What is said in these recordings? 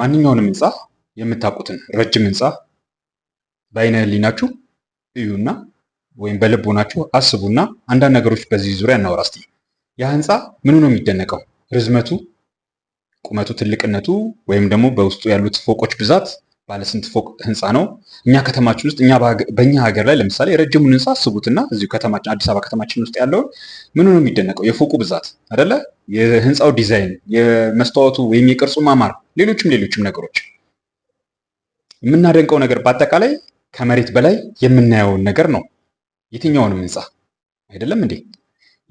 ማንኛውንም ህንፃ የምታውቁትን ረጅም ህንፃ በአይነ ህሊናችሁ እዩና ወይም በልቦናችሁ አስቡና አንዳንድ ነገሮች በዚህ ዙሪያ እናወራ እስቲ። ያ ህንፃ ምኑ ነው የሚደነቀው? ርዝመቱ፣ ቁመቱ፣ ትልቅነቱ ወይም ደግሞ በውስጡ ያሉት ፎቆች ብዛት ባለስንት ፎቅ ህንፃ ነው? እኛ ከተማችን ውስጥ እኛ በእኛ ሀገር ላይ ለምሳሌ ረጅሙን ህንፃ አስቡትና እዚሁ ከተማችን አዲስ አበባ ከተማችን ውስጥ ያለውን ምኑ ነው የሚደነቀው? የፎቁ ብዛት አደለ? የህንፃው ዲዛይን፣ የመስታወቱ ወይም የቅርጹ ማማር፣ ሌሎችም ሌሎችም ነገሮች የምናደንቀው ነገር በአጠቃላይ ከመሬት በላይ የምናየውን ነገር ነው። የትኛውንም ህንፃ አይደለም እንዴ?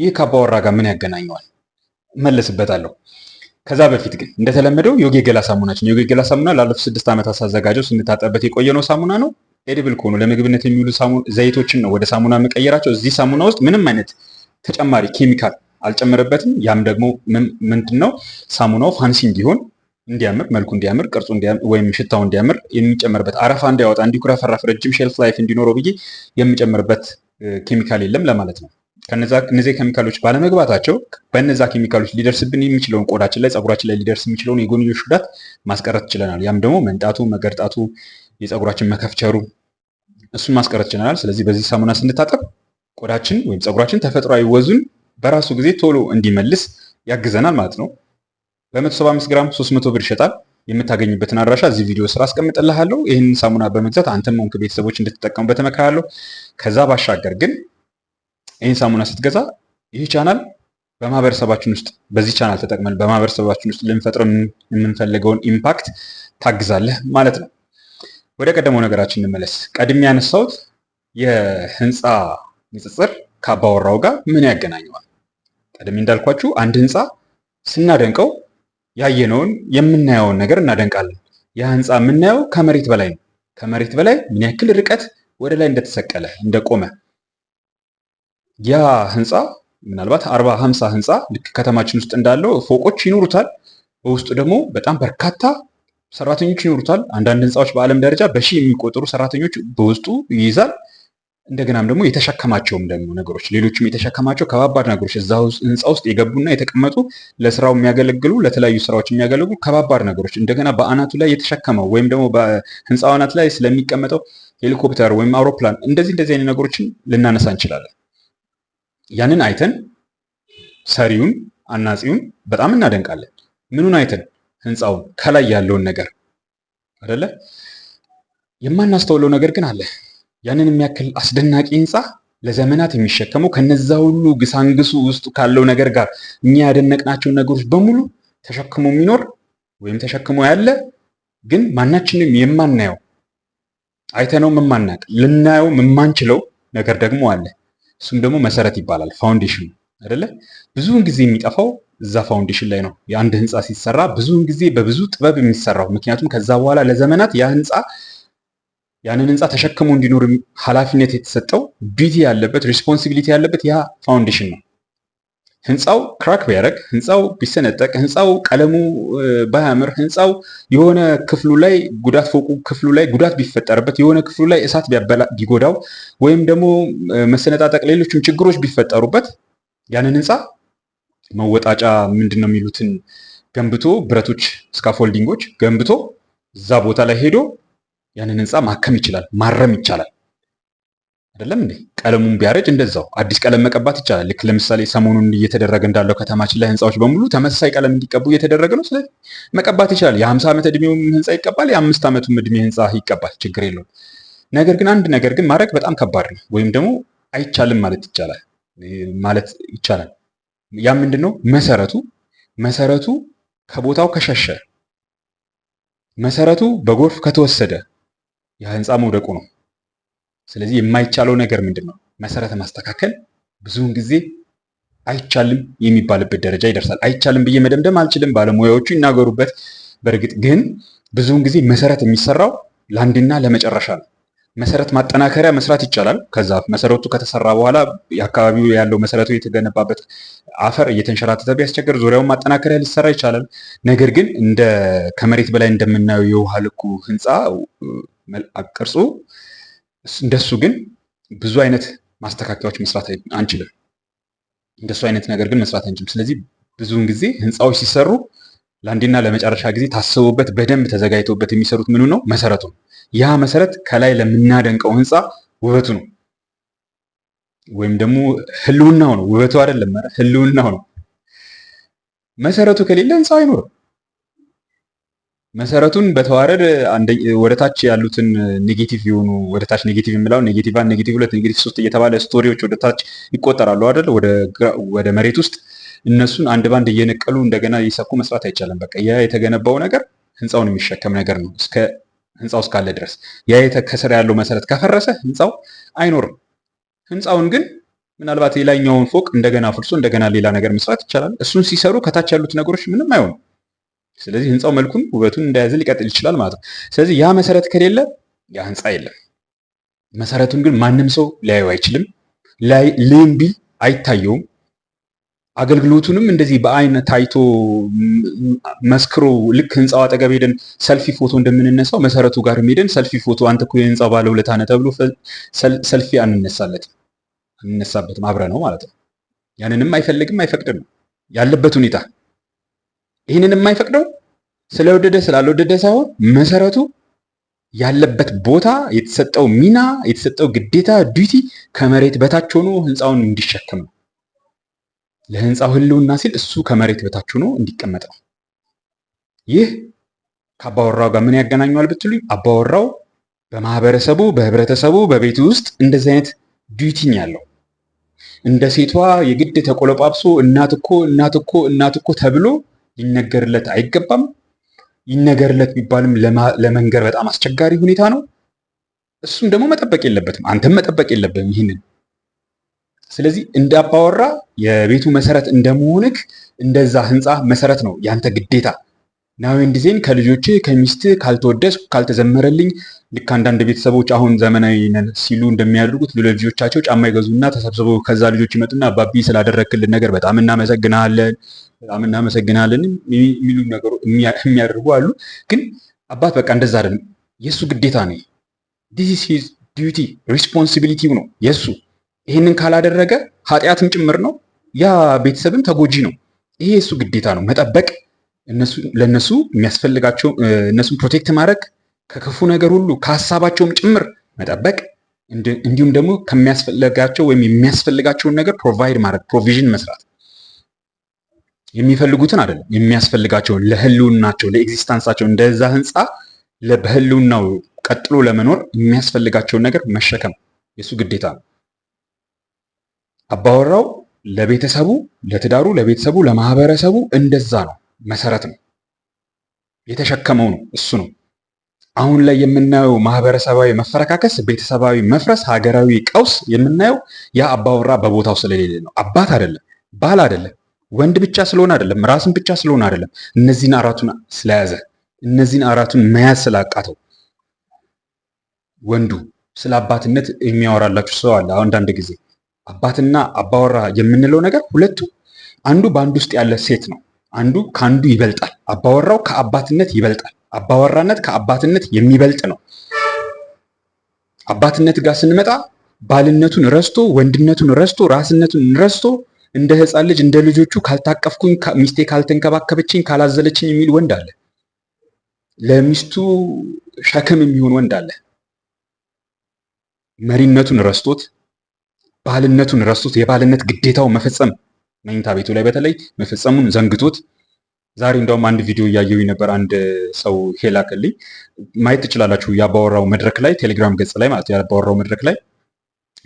ይህ ከአባወራ ጋር ምን ያገናኘዋል? እመለስበታለሁ። ከዛ በፊት ግን እንደተለመደው ዮጊ ሳሙና ሳሙናችን ዮጊ ገላ ሳሙና ላለፉት ስድስት ዓመታት ሳዘጋጀው ስንታጠበት የቆየነው ሳሙና ነው። ኤድብል ከሆኑ ለምግብነት የሚውሉ ዘይቶችን ነው ወደ ሳሙና መቀየራቸው። እዚህ ሳሙና ውስጥ ምንም አይነት ተጨማሪ ኬሚካል አልጨምርበትም ያም ደግሞ ምንድን ነው ሳሙናው ፋንሲ እንዲሆን እንዲያምር መልኩ እንዲያምር ቅርጹ ወይም ሽታው እንዲያምር የሚጨመርበት አረፋ እንዳያወጣ እንዲኩረፈራፍ ረጅም ሼልፍ ላይፍ እንዲኖረው ብዬ የሚጨምርበት ኬሚካል የለም ለማለት ነው። እነዚህ ኬሚካሎች ባለመግባታቸው በነዛ ኬሚካሎች ሊደርስብን የሚችለውን ቆዳችን ላይ ፀጉራችን ላይ ሊደርስ የሚችለውን የጎንዮሽ ጉዳት ማስቀረት ችለናል። ያም ደግሞ መንጣቱ፣ መገርጣቱ፣ የጸጉራችን መከፍቸሩ እሱን ማስቀረት ችለናል። ስለዚህ በዚህ ሳሙና ስንታጠብ ቆዳችን ወይም ፀጉራችን ተፈጥሯዊ ወዙን በራሱ ጊዜ ቶሎ እንዲመልስ ያግዘናል ማለት ነው። በ175 ግራም 300 ብር ይሸጣል። የምታገኝበትን አድራሻ እዚህ ቪዲዮ ስራ አስቀምጥልሃለሁ። ይህን ሳሙና በመግዛት አንተም ሆንክ ቤተሰቦች እንድትጠቀሙበት እመክርሃለሁ። ከዛ ባሻገር ግን ይህን ሳሙና ስትገዛ ይህ ቻናል በማህበረሰባችን ውስጥ በዚህ ቻናል ተጠቅመን በማህበረሰባችን ውስጥ ልንፈጥረው የምንፈልገውን ኢምፓክት ታግዛለህ ማለት ነው። ወደ ቀደመው ነገራችን እንመለስ። ቀድሜ ያነሳሁት የህንፃ ንጽጽር ከአባወራው ጋር ምን ያገናኘዋል? ቀድሜ እንዳልኳችሁ አንድ ህንፃ ስናደንቀው ያየነውን የምናየውን ነገር እናደንቃለን። ያ ህንፃ የምናየው ከመሬት በላይ ነው። ከመሬት በላይ ምን ያክል ርቀት ወደ ላይ እንደተሰቀለ እንደቆመ ያ ህንፃ ምናልባት አርባ ሀምሳ ህንፃ ልክ ከተማችን ውስጥ እንዳለው ፎቆች ይኖሩታል። በውስጡ ደግሞ በጣም በርካታ ሰራተኞች ይኖሩታል። አንዳንድ ህንፃዎች በዓለም ደረጃ በሺህ የሚቆጠሩ ሰራተኞች በውስጡ ይይዛል። እንደገናም ደግሞ የተሸከማቸውም ደግሞ ነገሮች ሌሎችም የተሸከማቸው ከባባድ ነገሮች እዛ ህንፃ ውስጥ የገቡና የተቀመጡ ለስራው የሚያገለግሉ ለተለያዩ ስራዎች የሚያገለግሉ ከባባድ ነገሮች እንደገና በአናቱ ላይ የተሸከመው ወይም ደግሞ በህንፃው አናት ላይ ስለሚቀመጠው ሄሊኮፕተር ወይም አውሮፕላን እንደዚህ እንደዚህ አይነት ነገሮችን ልናነሳ እንችላለን። ያንን አይተን ሰሪውን አናጺውን በጣም እናደንቃለን። ምኑን አይተን? ህንፃውን ከላይ ያለውን ነገር አደለ። የማናስተውለው ነገር ግን አለ። ያንን የሚያክል አስደናቂ ህንፃ ለዘመናት የሚሸከመው ከነዛ ሁሉ ግሳንግሱ ውስጥ ካለው ነገር ጋር እኛ ያደነቅናቸውን ነገሮች በሙሉ ተሸክሞ የሚኖር ወይም ተሸክሞ ያለ ግን ማናችንም የማናየው አይተነውም የማናቅ ልናየውም የማንችለው ነገር ደግሞ አለ። እሱም ደግሞ መሰረት ይባላል። ፋውንዴሽን አይደለ? ብዙውን ጊዜ የሚጠፋው እዛ ፋውንዴሽን ላይ ነው። የአንድ ህንፃ ሲሰራ ብዙውን ጊዜ በብዙ ጥበብ የሚሰራው ምክንያቱም ከዛ በኋላ ለዘመናት ያ ህንፃ ያንን ህንፃ ተሸክሞ እንዲኖር ኃላፊነት የተሰጠው ቢቲ ያለበት ሪስፖንሲቢሊቲ ያለበት ያ ፋውንዴሽን ነው። ህንፃው ክራክ ቢያደርግ፣ ህንፃው ቢሰነጠቅ፣ ህንፃው ቀለሙ ባያምር፣ ህንፃው የሆነ ክፍሉ ላይ ጉዳት ፎቁ ክፍሉ ላይ ጉዳት ቢፈጠርበት፣ የሆነ ክፍሉ ላይ እሳት ቢጎዳው፣ ወይም ደግሞ መሰነጣጠቅ፣ ሌሎችም ችግሮች ቢፈጠሩበት ያንን ህንፃ መወጣጫ ምንድን ነው የሚሉትን ገንብቶ ብረቶች፣ ስካፎልዲንጎች ገንብቶ እዛ ቦታ ላይ ሄዶ ያንን ህንፃ ማከም ይችላል፣ ማረም ይቻላል። አይደለም እንዴ? ቀለሙን ቢያረጅ እንደዛው አዲስ ቀለም መቀባት ይቻላል። ልክ ለምሳሌ ሰሞኑን እየተደረገ እንዳለው ከተማችን ላይ ህንፃዎች በሙሉ ተመሳሳይ ቀለም እንዲቀቡ እየተደረገ ነው። ስለዚህ መቀባት ይቻላል። የ50 ዓመት እድሜውም ህንፃ ይቀባል፣ የአምስት ዓመቱም እድሜ ህንፃ ይቀባል። ችግር የለውም። ነገር ግን አንድ ነገር ግን ማድረግ በጣም ከባድ ነው፣ ወይም ደግሞ አይቻልም ማለት ይቻላል ማለት ይቻላል። ያ ምንድን ነው? መሰረቱ መሰረቱ ከቦታው ከሸሸ መሰረቱ በጎርፍ ከተወሰደ የህንፃ መውደቁ ነው። ስለዚህ የማይቻለው ነገር ምንድን ነው? መሰረተ ማስተካከል ብዙውን ጊዜ አይቻልም የሚባልበት ደረጃ ይደርሳል። አይቻልም ብዬ መደምደም አልችልም፣ ባለሙያዎቹ ይናገሩበት። በእርግጥ ግን ብዙውን ጊዜ መሰረት የሚሰራው ለአንድና ለመጨረሻ ነው። መሰረት ማጠናከሪያ መስራት ይቻላል። ከዛ መሰረቱ ከተሰራ በኋላ የአካባቢው ያለው መሰረቱ የተገነባበት አፈር እየተንሸራተተ ቢያስቸገር ዙሪያውን ማጠናከሪያ ሊሰራ ይቻላል። ነገር ግን እንደ ከመሬት በላይ እንደምናየው የውሃ ልኩ ህንፃ ቅርጹ እንደሱ ግን ብዙ አይነት ማስተካከያዎች መስራት አንችልም። እንደሱ አይነት ነገር ግን መስራት አንችልም። ስለዚህ ብዙውን ጊዜ ህንፃዎች ሲሰሩ ለአንዴና ለመጨረሻ ጊዜ ታስቦበት በደንብ ተዘጋጅተውበት የሚሰሩት ምኑ ነው? መሰረቱ ነው። ያ መሰረት ከላይ ለምናደንቀው ህንፃ ውበቱ ነው፣ ወይም ደግሞ ህልውናው ነው። ውበቱ አይደለም፣ ህልውናው ነው። መሰረቱ ከሌለ ህንፃው አይኖርም። መሰረቱን በተዋረድ ወደ ታች ያሉትን ኔጌቲቭ የሆኑ ወደ ታች ኔጌቲቭ የሚለው ኔጌቲቭ አንድ ኔጌቲቭ ሁለት ኔጌቲቭ ሶስት እየተባለ ስቶሪዎች ወደ ታች ይቆጠራሉ አይደል? ወደ መሬት ውስጥ እነሱን አንድ ባንድ እየነቀሉ እንደገና እየሰኩ መስራት አይቻልም። በቃ ያ የተገነባው ነገር ህንፃውን የሚሸከም ነገር ነው እስከ ህንፃው እስካለ ድረስ። ያ ከስር ያለው መሰረት ከፈረሰ ህንፃው አይኖርም። ህንፃውን ግን ምናልባት የላይኛውን ፎቅ እንደገና ፍርሶ እንደገና ሌላ ነገር መስራት ይቻላል። እሱን ሲሰሩ ከታች ያሉት ነገሮች ምንም አይሆኑም። ስለዚህ ህንፃው መልኩም ውበቱን እንደያዘ ሊቀጥል ይችላል ማለት ነው። ስለዚህ ያ መሰረት ከሌለ ያ ህንፃ የለም። መሰረቱን ግን ማንም ሰው ሊያየው አይችልም። ሊም ቢል አይታየውም። አገልግሎቱንም እንደዚህ በአይን ታይቶ መስክሮ ልክ ህንፃው አጠገብ ሄደን ሰልፊ ፎቶ እንደምንነሳው መሰረቱ ጋር ሄደን ሰልፊ ፎቶ አንተ እኮ የህንፃው ባለውለታ ነህ ተብሎ ሰልፊ አንነሳለትም አንነሳበትም አብረ ነው ማለት ነው። ያንንም አይፈልግም አይፈቅድም ያለበት ሁኔታ ይህንን የማይፈቅደው ስለወደደ ስላልወደደ ሳይሆን መሰረቱ ያለበት ቦታ የተሰጠው ሚና የተሰጠው ግዴታ ዲቲ ከመሬት በታች ሆኖ ህንፃውን እንዲሸከም ነው። ለህንፃው ህልውና ሲል እሱ ከመሬት በታች ሆኖ እንዲቀመጥ ነው። ይህ ከአባወራው ጋር ምን ያገናኘዋል ብትሉኝ፣ አባወራው በማህበረሰቡ በህብረተሰቡ በቤቱ ውስጥ እንደዚህ አይነት ዲቲኝ ያለው እንደ ሴቷ የግድ ተቆለጳብሶ እናት እኮ እናት እኮ እናት እኮ ተብሎ ሊነገርለት አይገባም። ይነገርለት ቢባልም ለመንገር በጣም አስቸጋሪ ሁኔታ ነው። እሱም ደግሞ መጠበቅ የለበትም፣ አንተም መጠበቅ የለበትም ይህንን። ስለዚህ እንዳባወራ የቤቱ መሰረት እንደመሆንክ እንደዛ ህንፃ መሰረት ነው ያንተ ግዴታ። ናዊን ዲዜን ከልጆች ከሚስት ካልተወደስ ካልተዘመረልኝ፣ ልክ አንዳንድ ቤተሰቦች አሁን ዘመናዊ ሲሉ እንደሚያደርጉት ለልጆቻቸው ጫማ ይገዙና ተሰብስበው ከዛ ልጆች ይመጡና አባቢ ስላደረክልን ነገር በጣም እናመሰግናለን በጣም እናመሰግናለን የሚሉ ነገሩ የሚያደርጉ አሉ። ግን አባት በቃ እንደዛ አይደለም። የእሱ ግዴታ ነው። ዲስ ኢዝ ዲዩቲ ሪስፖንሲቢሊቲው ነው የእሱ። ይህንን ካላደረገ ኃጢአትም ጭምር ነው። ያ ቤተሰብም ተጎጂ ነው። ይሄ የእሱ ግዴታ ነው መጠበቅ ለእነሱ የሚያስፈልጋቸው እነሱን ፕሮቴክት ማድረግ ከክፉ ነገር ሁሉ ከሀሳባቸውም ጭምር መጠበቅ እንዲሁም ደግሞ ከሚያስፈልጋቸው ወይም የሚያስፈልጋቸውን ነገር ፕሮቫይድ ማድረግ ፕሮቪዥን መስራት የሚፈልጉትን አይደለም የሚያስፈልጋቸውን ለህልውናቸው ለኤግዚስታንሳቸው እንደዛ ህንፃ በህልውናው ቀጥሎ ለመኖር የሚያስፈልጋቸውን ነገር መሸከም የእሱ ግዴታ ነው። አባወራው ለቤተሰቡ ለትዳሩ፣ ለቤተሰቡ፣ ለማህበረሰቡ እንደዛ ነው። መሰረት ነው የተሸከመው ነው እሱ ነው። አሁን ላይ የምናየው ማህበረሰባዊ መፈረካከስ፣ ቤተሰባዊ መፍረስ፣ ሀገራዊ ቀውስ የምናየው ያ አባወራ በቦታው ስለሌለ ነው። አባት አይደለም፣ ባል አይደለም ወንድ ብቻ ስለሆነ አይደለም፣ ራስን ብቻ ስለሆነ አይደለም። እነዚህን አራቱን ስለያዘ እነዚህን አራቱን መያዝ ስላቃተው ወንዱ ስለ አባትነት የሚያወራላችሁ ሰው አለ። አንዳንድ ጊዜ አባትና አባወራ የምንለው ነገር ሁለቱ አንዱ በአንዱ ውስጥ ያለ ሴት ነው። አንዱ ከአንዱ ይበልጣል። አባወራው ከአባትነት ይበልጣል። አባወራነት ከአባትነት የሚበልጥ ነው። አባትነት ጋር ስንመጣ ባልነቱን ረስቶ ወንድነቱን ረስቶ ራስነቱን ረስቶ እንደ ህፃን ልጅ እንደ ልጆቹ ካልታቀፍኩኝ፣ ሚስቴ ካልተንከባከበችኝ፣ ካላዘለችኝ የሚል ወንድ አለ። ለሚስቱ ሸክም የሚሆን ወንድ አለ። መሪነቱን ረስቶት ባልነቱን ረስቶት የባልነት ግዴታው መፈጸም መኝታ ቤቱ ላይ በተለይ መፈጸሙን ዘንግቶት ዛሬ እንደውም አንድ ቪዲዮ እያየው ነበር። አንድ ሰው ሄላክልኝ ማየት ትችላላችሁ። የአባወራው መድረክ ላይ ቴሌግራም ገጽ ላይ ማለት የአባወራው መድረክ ላይ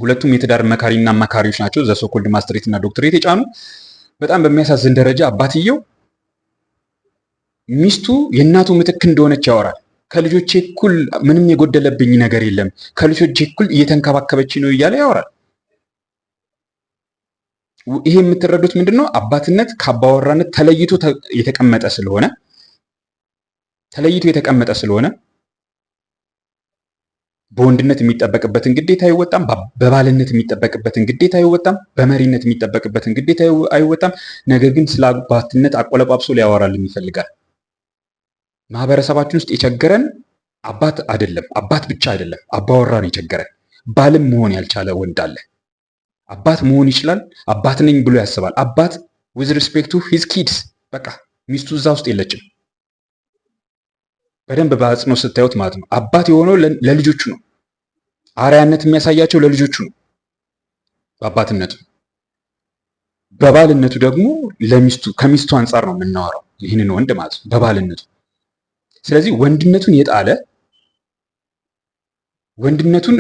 ሁለቱም የትዳር መካሪና አማካሪዎች ናቸው። ዘሶኮልድ ማስትሬት እና ዶክትሬት የጫኑ በጣም በሚያሳዝን ደረጃ አባትየው ሚስቱ የእናቱ ምትክ እንደሆነች ያወራል። ከልጆቼ እኩል ምንም የጎደለብኝ ነገር የለም፣ ከልጆቼ እኩል እየተንከባከበች ነው እያለ ያወራል። ይሄ የምትረዱት ምንድን ነው? አባትነት ከአባወራነት ተለይቶ የተቀመጠ ስለሆነ ተለይቶ የተቀመጠ ስለሆነ በወንድነት የሚጠበቅበትን ግዴታ አይወጣም። በባልነት የሚጠበቅበትን ግዴታ አይወጣም። በመሪነት የሚጠበቅበትን ግዴታ አይወጣም። ነገር ግን ስለ አባትነት አቆለጳብሶ ሊያወራልን ይፈልጋል። ማህበረሰባችን ውስጥ የቸገረን አባት አይደለም፣ አባት ብቻ አይደለም፣ አባወራ ነው የቸገረን። ባልም መሆን ያልቻለ ወንድ አለ። አባት መሆን ይችላል፣ አባት ነኝ ብሎ ያስባል። አባት ዊዝ ሪስፔክት ቱ ሂዝ ኪድስ፣ በቃ ሚስቱ እዛ ውስጥ የለችም። በደንብ በአጽንኦት ስታዩት ማለት ነው። አባት የሆነው ለልጆቹ ነው። አርያነት የሚያሳያቸው ለልጆቹ ነው በአባትነቱ። በባልነቱ ደግሞ ለሚስቱ ከሚስቱ አንጻር ነው የምናወራው ይህንን ወንድ ማለት ነው በባልነቱ። ስለዚህ ወንድነቱን የጣለ ወንድነቱን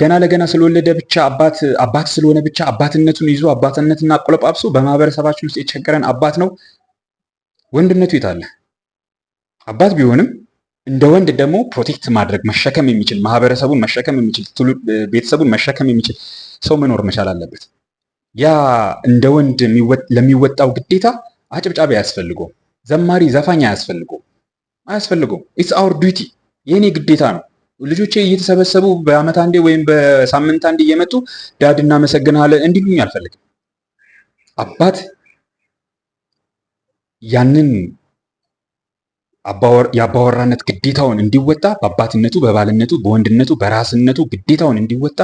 ገና ለገና ስለወለደ ብቻ አባት አባት ስለሆነ ብቻ አባትነቱን ይዞ አባትነትና አቆለጳብሶ በማህበረሰባችን ውስጥ የቸገረን አባት ነው። ወንድነቱ የታለ? አባት ቢሆንም እንደ ወንድ ደግሞ ፕሮቴክት ማድረግ መሸከም የሚችል ማህበረሰቡን መሸከም የሚችል ቤተሰቡን መሸከም የሚችል ሰው መኖር መቻል አለበት። ያ እንደ ወንድ ለሚወጣው ግዴታ አጭብጫቢ አያስፈልገውም። ዘማሪ ዘፋኝ አያስፈልገውም አያስፈልገውም። ኢትስ አውር ዲዩቲ የእኔ ግዴታ ነው። ልጆቼ እየተሰበሰቡ በአመት አንዴ ወይም በሳምንት አንዴ እየመጡ ዳድ እናመሰግናለን እንዲሉኝ አልፈልግም። አባት ያንን የአባወራነት ግዴታውን እንዲወጣ በአባትነቱ፣ በባልነቱ፣ በወንድነቱ፣ በራስነቱ ግዴታውን እንዲወጣ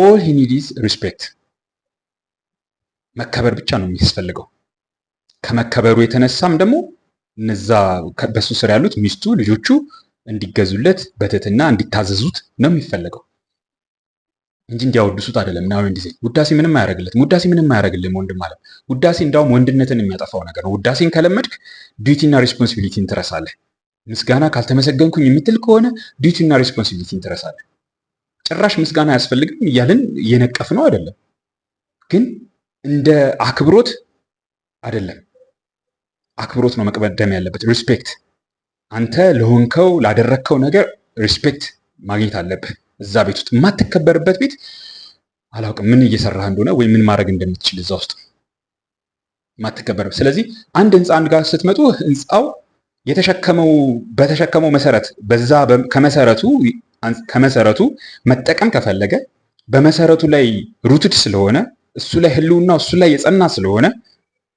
ኦል ሂ ሪስፔክት መከበር ብቻ ነው የሚያስፈልገው። ከመከበሩ የተነሳም ደግሞ እነዛ በሱ ስር ያሉት ሚስቱ፣ ልጆቹ እንዲገዙለት በትህትና እንዲታዘዙት ነው የሚፈለገው። እንጂ እንዲያወድሱት አይደለም። ናው ዲሴ ውዳሴ ምንም አያደርግለትም። ውዳሴ ምንም አያደርግልም ወንድም ማለት ውዳሴ እንዳውም ወንድነትን የሚያጠፋው ነገር ነው። ውዳሴን ከለመድክ ዲዩቲና ሬስፖንሲቢሊቲን ትረሳለህ። ምስጋና ካልተመሰገንኩኝ የምትል ከሆነ ዲዩቲና ሬስፖንሲቢሊቲን ትረሳለህ። ጭራሽ ምስጋና አያስፈልግም እያልን እየነቀፍ ነው አይደለም፣ ግን እንደ አክብሮት አይደለም። አክብሮት ነው መቅደም ያለበት፣ ሪስፔክት። አንተ ለሆንከው ላደረግከው ነገር ሪስፔክት ማግኘት አለብህ። እዛ ቤት ውስጥ የማትከበርበት ቤት አላውቅም፣ ምን እየሰራህ እንደሆነ ወይም ምን ማድረግ እንደምትችል እዛ ውስጥ የማትከበርበት። ስለዚህ አንድ ህንፃ አንድ ጋር ስትመጡ ህንፃው የተሸከመው በተሸከመው መሰረት በዛ ከመሰረቱ ከመሰረቱ መጠቀም ከፈለገ በመሰረቱ ላይ ሩትድ ስለሆነ እሱ ላይ ህልውና እሱ ላይ የጸና ስለሆነ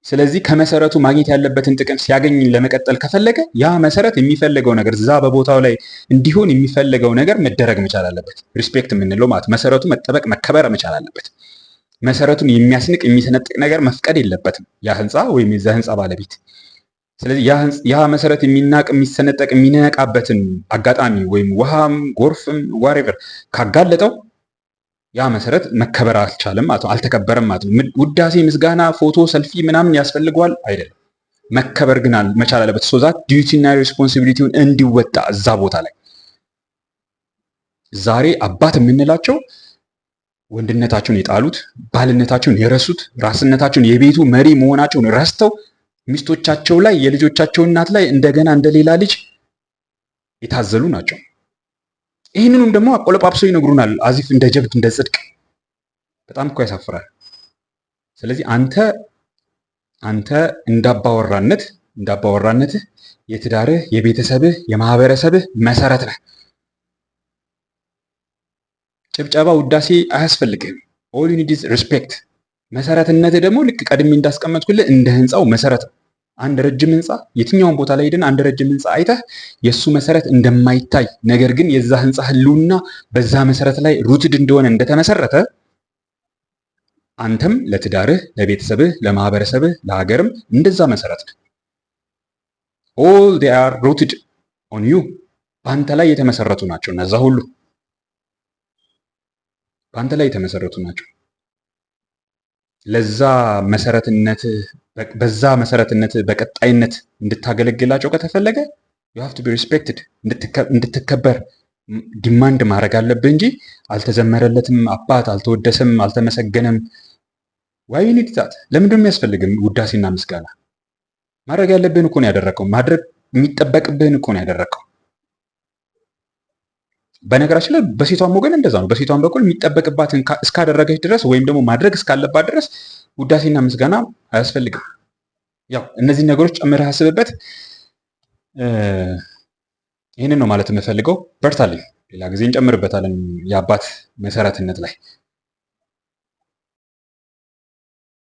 ስለዚህ ከመሰረቱ ማግኘት ያለበትን ጥቅም ሲያገኝ ለመቀጠል ከፈለገ ያ መሰረት የሚፈልገው ነገር እዛ በቦታው ላይ እንዲሆን የሚፈልገው ነገር መደረግ መቻል አለበት። ሪስፔክት የምንለው ማለት መሰረቱ መጠበቅ መከበር መቻል አለበት። መሰረቱን የሚያስንቅ የሚሰነጥቅ ነገር መፍቀድ የለበትም ያ ህንፃ ወይም የዛ ህንፃ ባለቤት። ስለዚህ ያ መሰረት የሚናቅ የሚሰነጠቅ የሚነቃበትን አጋጣሚ ወይም ውሃም ጎርፍም ዋሬቨር ካጋለጠው ያ መሰረት መከበር አልቻለም ማለት ነው፣ አልተከበረም ማለት ነው። ውዳሴ፣ ምስጋና፣ ፎቶ፣ ሰልፊ ምናምን ያስፈልገዋል አይደለም። መከበር ግን መቻል አለበት። ሶዛት ዲዩቲና ሬስፖንሲቢሊቲውን እንዲወጣ እዛ ቦታ ላይ ዛሬ አባት የምንላቸው ወንድነታቸውን የጣሉት ባልነታቸውን የረሱት ራስነታቸውን የቤቱ መሪ መሆናቸውን ረስተው ሚስቶቻቸው ላይ የልጆቻቸው እናት ላይ እንደገና እንደሌላ ልጅ የታዘሉ ናቸው። ይህንኑም ደግሞ አቆለጳጵሶ ይነግሩናል። አዚፍ እንደ ጀብድ እንደ ጽድቅ በጣም እኮ ያሳፍራል። ስለዚህ አንተ አንተ እንዳባወራነት እንዳባወራነትህ የትዳርህ የቤተሰብህ የማህበረሰብህ መሰረት ነህ። ጭብጨባ፣ ውዳሴ አያስፈልግህም። ኦል ዩ ሪስፔክት። መሰረትነትህ ደግሞ ልክ ቀድሜ እንዳስቀመጥኩልህ እንደ ህንፃው መሰረት ነው። አንድ ረጅም ህንፃ የትኛውን ቦታ ላይ ሄደን አንድ ረጅም ህንፃ አይተህ የእሱ መሰረት እንደማይታይ ነገር ግን የዛ ህንፃ ህልውና በዛ መሰረት ላይ ሩትድ እንደሆነ እንደተመሰረተ አንተም ለትዳርህ፣ ለቤተሰብህ፣ ለማህበረሰብህ፣ ለሀገርም እንደዛ መሰረት ነው። ኦል ዴይ አር ሩትድ ኦን ዩ በአንተ ላይ የተመሰረቱ ናቸው። እነዛ ሁሉ በአንተ ላይ የተመሰረቱ ናቸው። ለዛ መሰረትነትህ በዛ መሰረትነት በቀጣይነት እንድታገለግላቸው ከተፈለገ ዩ ሃቭ ቱ ቢ ሪስፔክትድ እንድትከበር ዲማንድ ማድረግ አለብህ እንጂ አልተዘመረለትም፣ አባት አልተወደሰም፣ አልተመሰገነም። ዋይ ዩ ኒድ ዛት? ለምንድን የሚያስፈልግም ውዳሴና ምስጋና? ማድረግ ያለብህን እኮን ያደረከው። ማድረግ የሚጠበቅብህን እኮን ያደረከው። በነገራችን ላይ በሴቷም ወገን እንደዛ ነው። በሴቷም በኩል የሚጠበቅባትን እስካደረገች ድረስ ወይም ደግሞ ማድረግ እስካለባት ድረስ ውዳሴና ምስጋና አያስፈልግም። ያው እነዚህ ነገሮች ጨምረህ አስብበት። ይህንን ነው ማለት የምፈልገው። በርታልኝ። ሌላ ጊዜ እንጨምርበታለን የአባት መሰረትነት ላይ